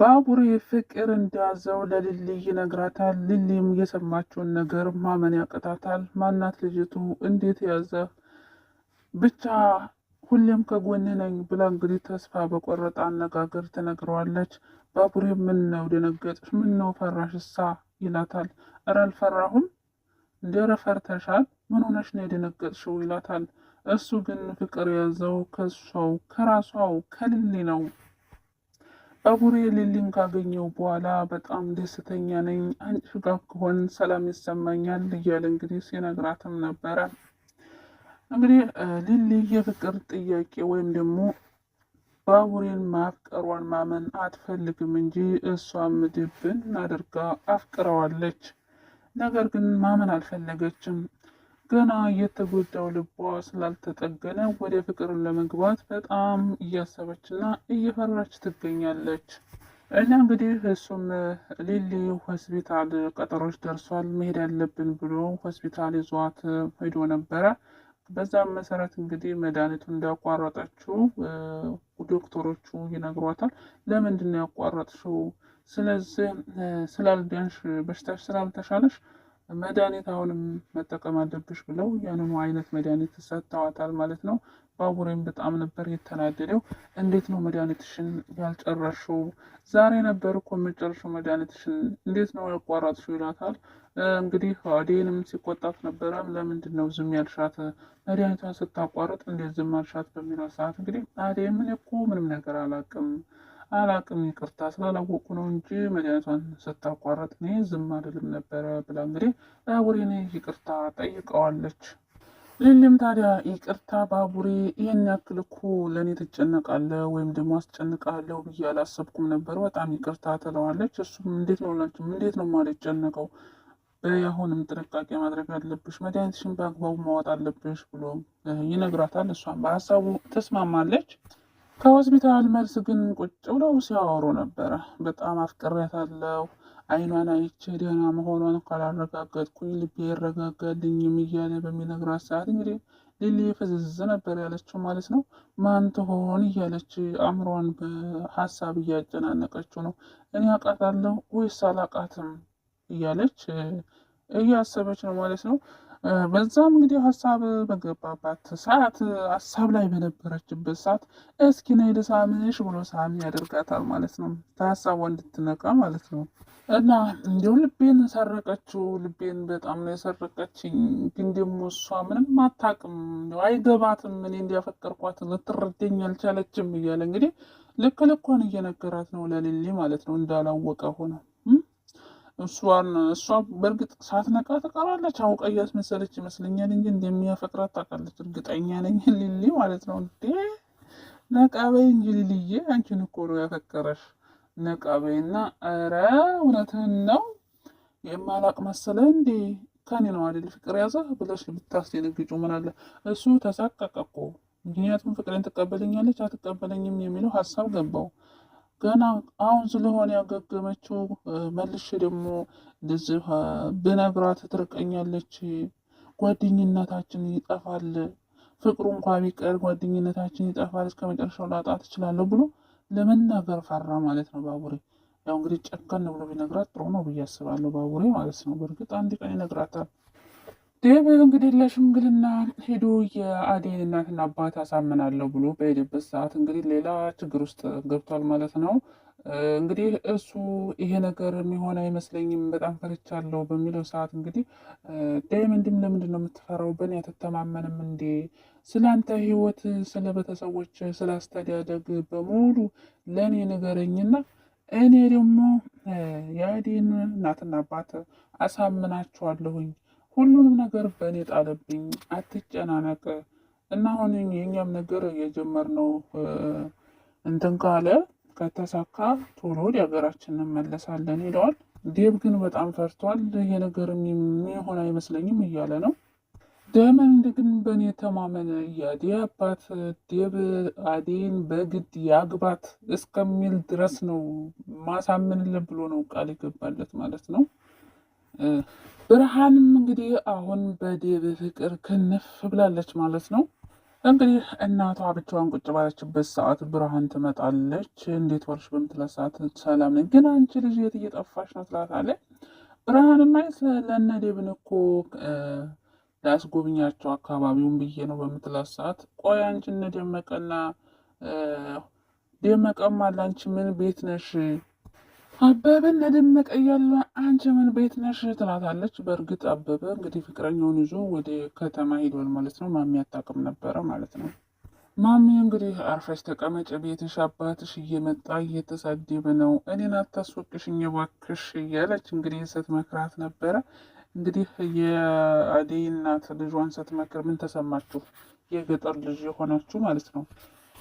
ባቡሬ ፍቅር እንደያዘው ለልሊ ይነግራታል። ልሊም የሰማችውን ነገር ማመን ያቅታታል። ማናት ልጅቱ? እንዴት ያዘ? ብቻ ሁሌም ከጎን ነኝ ብላ እንግዲህ ተስፋ በቆረጠ አነጋገር ትነግረዋለች። ባቡሬ ምን ነው ደነገጥሽ? ምን ነው ፈራሽ? እሳ ይላታል። እረ አልፈራሁም። እንደረ ፈርተሻል። ምን ሆነሽ ነው የደነገጥሽው? ይላታል። እሱ ግን ፍቅር የያዘው ከሷው ከራሷው ከልሊ ነው ጸጉሬ ሊሊን ካገኘው በኋላ በጣም ደስተኛ ነኝ። አንቺ ጋር ከሆን ሰላም ይሰማኛል እያለ እንግዲህ ሲነግራትም ነበረ። እንግዲህ ሊሊ የፍቅር ጥያቄ ወይም ደግሞ ባቡሬን ማፍቀሯን ማመን አትፈልግም እንጂ እሷም ድብን አድርጋ አፍቅረዋለች። ነገር ግን ማመን አልፈለገችም። ገና የተጎዳው ልቧ ስላልተጠገነ ወደ ፍቅር ለመግባት በጣም እያሰበች ና እየፈራች ትገኛለች። እና እንግዲህ እሱም ሊሊ ሆስፒታል ቀጠሮች ደርሷል መሄድ ያለብን ብሎ ሆስፒታል ይዟት ሄዶ ነበረ። በዛም መሰረት እንግዲህ መድኃኒቱን እንዳቋረጠችው ዶክተሮቹ ይነግሯታል። ለምንድን ነው ያቋረጥሽው? ስለዚህ ስላልዳንሽ በሽታሽ ስላልተሻለሽ መድኃኒት አሁንም መጠቀም አለብሽ ብለው ያንኑ አይነት መድኃኒት ሰጥተዋታል ማለት ነው። ባቡሬም በጣም ነበር የተናደደው። እንዴት ነው መድኃኒትሽን ያልጨረሽው? ዛሬ ነበር እኮ የምጨርሽው መድኃኒትሽን እንዴት ነው ያቋረጥሽው? ይላታል። እንግዲህ አዴንም ሲቆጣት ነበረ። ለምንድን ነው ዝም ያልሻት? መድኃኒቷን ስታቋረጥ እንዴት ዝም አልሻት? በሚለው ሰዓት እንግዲህ አዴ ምን እኮ ምንም ነገር አላውቅም አላቅም ይቅርታ ስላላወቁ ነው እንጂ መድኃኒቷን ስታቋረጥ እኔ ዝም አልልም ነበረ ብላ እንግዲህ ባቡሬን ይቅርታ ጠይቀዋለች። ሊሊም ታዲያ ይቅርታ ባቡሬ፣ ይህን ያክል እኮ ለእኔ ትጨነቃለህ ወይም ደግሞ አስጨንቃለሁ ብዬ አላሰብኩም ነበር፣ በጣም ይቅርታ ትለዋለች። እሱም እንዴት ነው ላችሁ እንዴት ነው ማልጨነቀው በያሁንም ጥንቃቄ ማድረግ አለብሽ፣ መድኃኒትሽን በአግባቡ ማወጥ አለብሽ ብሎ ይነግራታል። እሷም በሀሳቡ ተስማማለች። ከሆስፒታል መልስ ግን ቁጭ ብለው ሲያወሩ ነበረ። በጣም አፍቅሬያታለሁ አይኗን አይቼ ደህና መሆኗን ካላረጋገጥኩኝ ልቤ ይረጋጋልኝም እያለ በሚነግራት ሰዓት እንግዲህ ሊሊ ፍዝዝ ነበር ያለችው ማለት ነው። ማን ትሆን እያለች አእምሯን በሀሳብ እያጨናነቀችው ነው። እኔ አውቃታለሁ ወይስ አላውቃትም እያለች እያሰበች ነው ማለት ነው። በዛም እንግዲህ ሀሳብ በገባባት ሰዓት ሀሳብ ላይ በነበረችበት ሰዓት እስኪ ነይ ልሳምሽ ብሎ ሳሚ ያደርጋታል ማለት ነው። ከሀሳቧ እንድትነቃ ማለት ነው። እና እንዲሁ ልቤን ሰረቀችው፣ ልቤን በጣም ነው የሰረቀችኝ። ግን ደግሞ እሷ ምንም አታውቅም፣ አይገባትም፣ እኔ እንዲያፈቀርኳት ልትረደኝ አልቻለችም እያለ እንግዲህ ልክ ልኳን እየነገራት ነው ለሌሌ ማለት ነው እንዳላወቀ ሆነ። እሷን እሷ በእርግጥ ሳትነቃ ትቀራለች። አውቃ እያስመሰለች ይመስለኛል እንጂ እንደሚያፈቅራት ታውቃለች። እርግጠኛ ነኝ ሊሊ ማለት ነው። እንዴ ነቃ በይ እንጂ ሊልዬ፣ አንቺን እኮ ነው ያፈቀረሽ። ነቃ በይና፣ ኧረ እውነትህን ነው የማላቅ መሰለ እንዴ ከኔ ነው አይደል ፍቅር ያዘ ብለሽ ብታስደነግጩ ምን አለ እሱ ተሳቀቀ እኮ። ምክንያቱም ፍቅሬን ትቀበለኛለች አትቀበለኝም የሚለው ሀሳብ ገባው። ገና አሁን ስለሆነ ያገገመችው መልሽ ደግሞ እንደዚህ ብነግራት ትርቀኛለች። ጓደኝነታችን ይጠፋል፣ ፍቅሩ እንኳ ቢቀር ጓደኝነታችን ይጠፋል፣ እስከ መጨረሻው ላጣ ትችላለሁ ብሎ ለመናገር ፈራ ማለት ነው ባቡሬ። ያው እንግዲህ ጨከን ብሎ ቢነግራት ጥሩ ነው ብዬ አስባለሁ ባቡሬ ማለት ነው። በእርግጥ አንድ ቀን ይነግራታል። ዴቭ እንግዲህ ለሽምግልና ሄዶ የአዴን እናትና አባት አሳምናለሁ ብሎ በሄደበት ሰዓት እንግዲህ ሌላ ችግር ውስጥ ገብቷል ማለት ነው። እንግዲህ እሱ ይሄ ነገር የሚሆን አይመስለኝም በጣም ፈርቻለሁ በሚለው ሰዓት እንግዲህ ዳይመንድም ለምንድን ነው የምትፈራው? በእኔ አትተማመንም እንዴ? ስለ አንተ ህይወት፣ ስለ ቤተሰቦች፣ ስለ አስተዳደግ በሙሉ ለእኔ ንገረኝና እኔ ደግሞ የአዴን እናትና አባት አሳምናችኋለሁኝ ሁሉንም ነገር በእኔ ጣለብኝ፣ አትጨናነቅ እና አሁን የኛም ነገር የጀመርነው እንትን ካለ ከተሳካ ቶሎ ወደ ሀገራችን እንመለሳለን ይለዋል። ዴብ ግን በጣም ፈርቷል። ይሄ ነገር የሚሆን አይመስለኝም እያለ ነው። ዳይመንድ ግን በእኔ ተማመን፣ የአደይ አባት ዴብ አዴን በግድ ያግባት እስከሚል ድረስ ነው ማሳምንልን ብሎ ነው ቃል ይገባለት ማለት ነው። ብርሃንም እንግዲህ አሁን በዴብ ፍቅር ክንፍ ብላለች ማለት ነው። እንግዲህ እናቷ ብቻዋን ቁጭ ባለችበት ሰዓት ብርሃን ትመጣለች። እንዴት ወርሽ በምትለሳት ሰዓት ሰላም ነኝ፣ ግን አንቺ ልጅ የት እየጠፋሽ ነው ትላታለች። ብርሃንም አይ ለእነ ዴብን እኮ ላስጎብኛቸው አካባቢውን ብዬ ነው በምትላት ሰዓት ቆይ አንቺ እነ ደመቀና ምን ቤት ነሽ አበበን ለደመቀ እያለ አንቺ ምን ቤት ነሽ ትላታለች። በእርግጥ አበበ እንግዲህ ፍቅረኛውን ይዞ ወደ ከተማ ሄዷል ማለት ነው። ማሚ አታውቅም ነበረ ማለት ነው። ማሚ እንግዲህ አርፈሽ ተቀመጭ፣ ቤትሽ አባትሽ እየመጣ እየተሳደበ ነው፣ እኔን አታስወቅሽኝ እባክሽ እያለች እንግዲህ ስትመክራት ነበረ። እንግዲህ የአደይ እናት ልጇን ስትመክር ምን ተሰማችሁ? የገጠር ልጅ የሆናችሁ ማለት ነው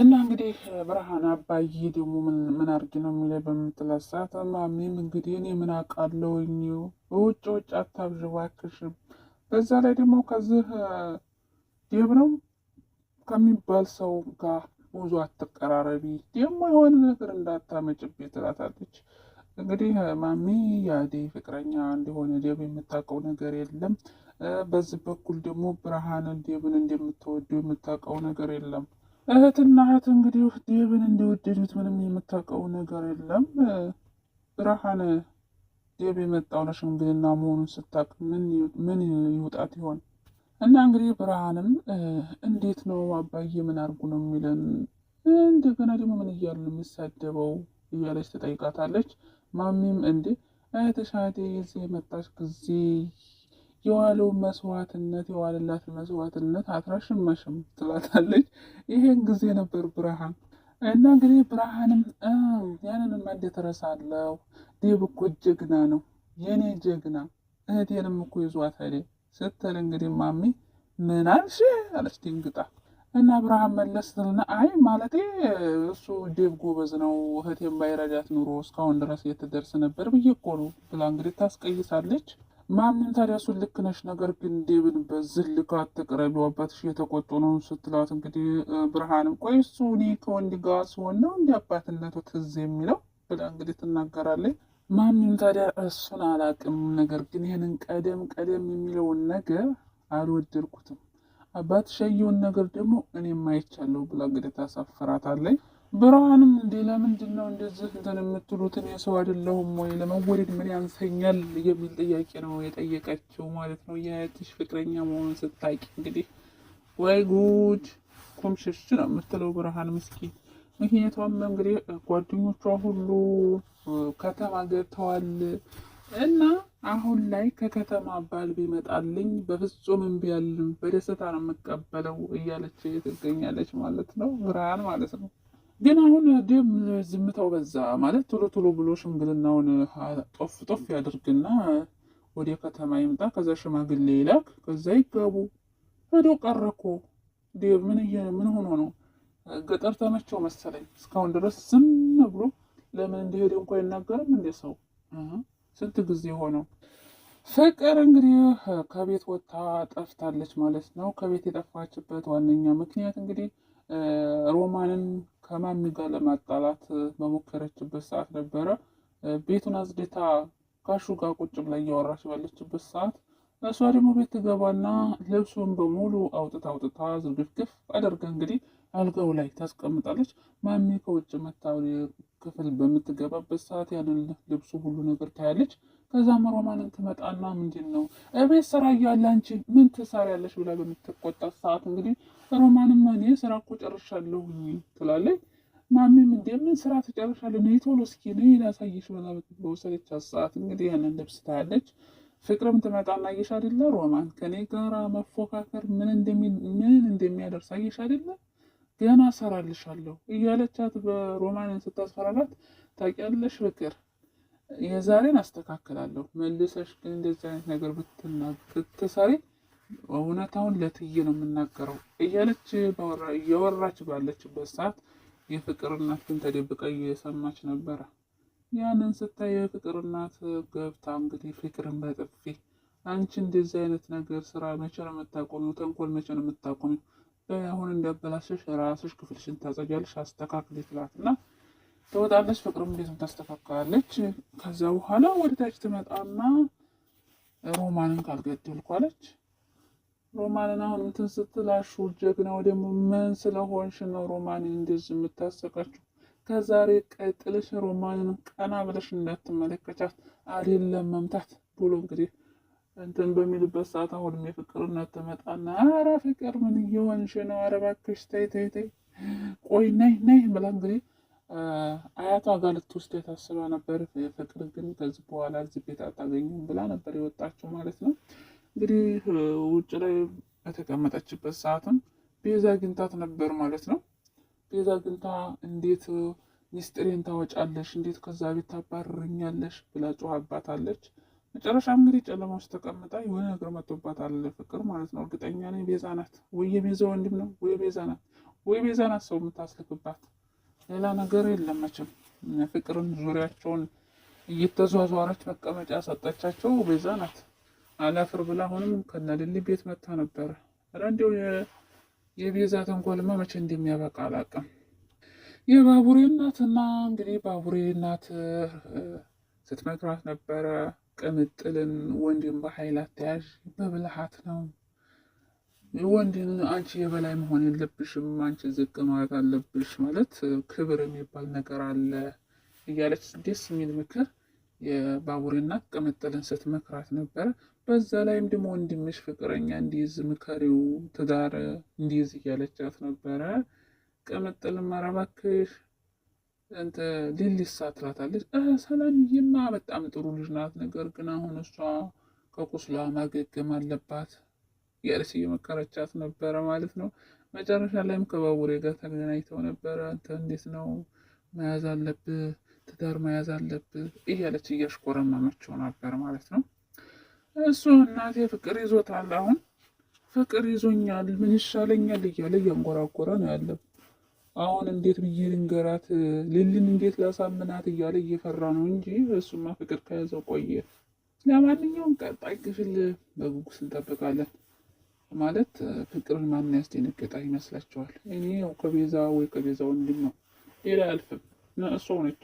እና እንግዲህ ብርሃን አባዬ ደግሞ ምን አድርጊ ነው የሚለ በምትላት ሰዓት ማሚም እንግዲህ እኔ ምን አውቃለሁኝ ውጭ ውጭ አታብዥ እባክሽም። በዛ ላይ ደግሞ ከዚህ ደብረው ከሚባል ሰው ጋር ብዙ አትቀራረቢ፣ ደግሞ የሆነ ነገር እንዳታመጭብ ትላታለች። እንግዲህ ማሚ የአደይ ፍቅረኛ እንደሆነ ደብ የምታውቀው ነገር የለም። በዚህ በኩል ደግሞ ብርሃን ደብን እንደምትወደው የምታውቀው ነገር የለም። እህትና እህት እንግዲህ ዴብን እንደወደዱት ምንም የምታውቀው ነገር የለም። ራሃን ዴብ የመጣው ለሽምግልና መሆኑን ስታቅ ምን ይውጣት ይሆን? እና እንግዲህ ብርሃንም እንዴት ነው አባዬ ምን አድርጉ ነው የሚለን? እንደገና ደግሞ ምን እያሉ ነው የሚሳደበው እያለች ትጠይቃታለች። ማሚም እንዴ እህትሽ እህቴ የዚህ የመጣች ጊዜ የዋለው መስዋዕትነት የዋለላትን መስዋዕትነት አትረሽመሽም ትላታለች። ይሄን ጊዜ ነበር ብርሃን እና እንግዲህ ብርሃንም ያንንም እንደተረሳለው ዴብ እኮ ጀግና ነው የኔ ጀግና እህቴንም እኮ ይዟት ስትል እንግዲህ ማሚ ምን አልሽ አለች ድንግጣ። እና ብርሃን መለስ ስልና አይ ማለቴ እሱ ዴብ ጎበዝ ነው እህቴን ባይረዳት ኑሮ እስካሁን ድረስ የተደርስ ነበር ብዬ እኮ ነው ብላ እንግዲህ ታስቀይሳለች። ማምን ታዲያ እሱን ልክ ነሽ፣ ነገር ግን ዴብን በዚህ ልክ አትቅረቢው አባትሽ እየተቆጡ ነው ስትላት፣ እንግዲህ ብርሃንም ቆይ እሱ እኔ ከወንድ ጋር ሲሆን ነው እንዲ አባትነቱ ትዝ የሚለው ብላ እንግዲህ ትናገራለች። ማምን ታዲያ እሱን አላቅም፣ ነገር ግን ይህንን ቀደም ቀደም የሚለውን ነገር አልወደድኩትም። አባትሽ ያየውን ነገር ደግሞ እኔም አይቻለሁ ብላ እንግዲህ ታሳፍራታለች። ብርሃንም እንዴ ለምንድን ነው እንደዚህ እንትን የምትሉት? እኔ ሰው አይደለሁም ወይ? ለመወደድ ምን ያንሰኛል? የሚል ጥያቄ ነው የጠየቀችው ማለት ነው። የእህትሽ ፍቅረኛ መሆኑን ስታቂ እንግዲህ ወይ ጉድ ኮምሽሽ ነው የምትለው ብርሃን ምስኪን። ምክንያቷም እንግዲህ ጓደኞቿ ሁሉ ከተማ ገብተዋል እና አሁን ላይ ከከተማ ባል ቢመጣልኝ በፍጹም እምቢ አልልም፣ በደስታ ነው የምቀበለው እያለች ትገኛለች ማለት ነው ብርሃን ማለት ነው። ግን አሁን ዴቭ ዝምታው በዛ ማለት ቶሎ ቶሎ ብሎ ሽምግልናውን ጦፍ ጦፍ ያድርግና ወደ ከተማ ይምጣ። ከዛ ሽማግሌ ይላክ። ከዛ ይጋቡ። ሄዶ ቀረ እኮ ምን ምን ሆኖ ነው? ገጠር ተመቸው መሰለኝ። እስካሁን ድረስ ዝም ብሎ ለምን እንደሄደ እንኳ አይናገርም። እንደ ሰው ስንት ጊዜ ሆነው። ፍቅር እንግዲህ ከቤት ወጥታ ጠፍታለች ማለት ነው። ከቤት የጠፋችበት ዋነኛ ምክንያት እንግዲህ ሮማንን ከማሚ ጋር ለማጣላት በሞከረችበት ሰዓት ነበረ። ቤቱን አጽድታ ካሹ ጋር ቁጭ ብላ እያወራች ባለችበት ሰዓት እሷ ደግሞ ቤት ትገባና ልብሱን በሙሉ አውጥታ አውጥታ ዝርግፍግፍ አደርገ እንግዲህ አልጋው ላይ ታስቀምጣለች። ማሚ ከውጭ መታ ክፍል በምትገባበት ሰዓት ያንን ልብሱ ሁሉ ነገር ታያለች። ከዛም ሮማንን ትመጣና ምንድን ነው እቤት ስራ እያለ አንቺ ምን ትሰሪያለሽ ብላ በምትቆጣት ሰዓት እንግዲህ ሮማንም እኔ ስራ እኮ ጨርሻለሁ ትላለች። ማሚም እንዴ ምን ስራ ትጨርሻለሽ? ነይ ቶሎ እስኪ ነይ ላሳይሽ ብላ በወሰደቻት ሰዓት እንግዲህ ያንን ልብስ ታያለች። ፍቅርም ትመጣና አየሽ አይደለ ሮማን ከኔ ጋራ መፎካከር ምን እንደሚያደርስ አየሽ አይደለ ገና ሰራልሻለሁ እያለቻት በሮማንን ስታስፈራራት ታውቂያለሽ ፍቅር የዛሬን አስተካክላለሁ መልሰሽ ግን እንደዚህ አይነት ነገር ብትሰሪ እውነታውን ለትዬ ነው የምናገረው እያለች እያወራች ባለችበት ሰዓት የፍቅርናትን እናት እየሰማች ነበረ። ያንን ስታይ የፍቅርናት ገብታ እንግዲህ ፍቅርን በጥፊ አንቺ እንደዚህ አይነት ነገር ስራ መቼ ነው የምታቆሚው? ተንኮል መቼ ነው የምታቆሚው? አሁን እንዳበላሸሽ ራስሽ ክፍልሽን ታጸጃለሽ፣ አስተካክል ትላት እና ትወጣለች። ፍቅሩ እንዴት ታስተካክላለች። ከዛ በኋላ ወደ ታች ትመጣና ሮማንን ካልገደልኳለች። ሮማንን አሁን እንትን ስትላሹ ጀግናው ደግሞ ምን ስለሆንሽ ነው ሮማንን እንደዚህ የምታሰቃችው? ከዛሬ ቀጥልሽ ሮማንን ቀና ብለሽ እንዳትመለከቻት አይደለም መምታት ብሎ እንግዲህ እንትን በሚልበት ሰዓት አሁንም የፍቅርነት ትመጣና አረ ፍቅር ምን እየሆንሽ ነው? አረ እባክሽ ተይ ተይ ተይ ቆይ ነይ ነይ ብላ እንግዲህ አያቷ ጋር ልትወስድ የታሰበ ነበር። ፍቅር ግን ከዚህ በኋላ እዚህ ቤት አታገኙም ብላ ነበር የወጣችው ማለት ነው። እንግዲህ ውጭ ላይ በተቀመጠችበት ሰዓትም ቤዛ ግንታት ነበር ማለት ነው። ቤዛ ግንታ እንዴት ሚስጥሬን ታወጫለሽ? እንዴት ከዛ ቤት ታባርርኛለሽ? ብላ አባታለች። መጨረሻ እንግዲህ ጨለማ ውስጥ ተቀምጣ የሆነ ነገር አለ ፍቅር ማለት ነው። እርግጠኛ ነኝ ቤዛ ናት ወይ የቤዛ ወንድም ነው ወይ ቤዛ ናት ወይ ቤዛ ናት ሰው የምታስልክባት ሌላ ነገር የለም። መቼም ፍቅርን ዙሪያቸውን እየተዟዟረች መቀመጫ ሰጠቻቸው። ቤዛ ናት አላፍር ብላ አሁንም ከነልል ቤት መታ ነበረ። ኧረ እንዲያው የቤዛ ተንኮልማ መቼ እንደሚያበቃ አላውቅም። የባቡሬ እናትና እንግዲህ ባቡሬ እናት ስትመክራት ነበረ። ቅምጥልን ወንድም በኃይል አትያዥ፣ በብልሃት ነው ወንድን አንቺ የበላይ መሆን የለብሽም፣ አንቺ ዝቅ ማለት አለብሽ፣ ማለት ክብር የሚባል ነገር አለ እያለች ደስ የሚል ምክር የባቡሬ እናት ቅምጥልን ስትመክራት ነበረ። በዛ ላይም ደግሞ ወንድምሽ ፍቅረኛ እንዲይዝ ምከሪው፣ ትዳር እንዲይዝ እያለቻት ነበረ። ቅምጥልም ኧረ እንተ ሊሊሳ ትላታለች። ሰላምዬማ በጣም ጥሩ ልጅ ናት፣ ነገር ግን አሁን እሷ ከቁስሏ ማገገም አለባት እያለች መከረቻት ነበረ ማለት ነው። መጨረሻ ላይም ከባቡሬ ጋር ተገናኝተው ነበረ። አንተ እንዴት ነው መያዝ አለብህ፣ ትዳር መያዝ አለብህ እያለች እያሽኮረመመችው ነበር ማለት ነው። እሱ እናቴ ፍቅር ይዞታል፣ አሁን ፍቅር ይዞኛል፣ ምን ይሻለኛል እያለ እያንጎራጎረ ነው ያለው። አሁን እንዴት ብዬ ልንገራት፣ ልልን እንዴት ላሳምናት እያለ እየፈራ ነው እንጂ እሱማ ፍቅር ከያዘው ቆየ። ለማንኛውም ቀጣይ ክፍል በጉጉስ እንጠብቃለን። ማለት ፍቅርን ማን ያስደነግጣ ይመስላችኋል? እኔ ከቤዛ ወይ ከቤዛ ወንድም ነው ሌላ አልፍም እሷ ነች።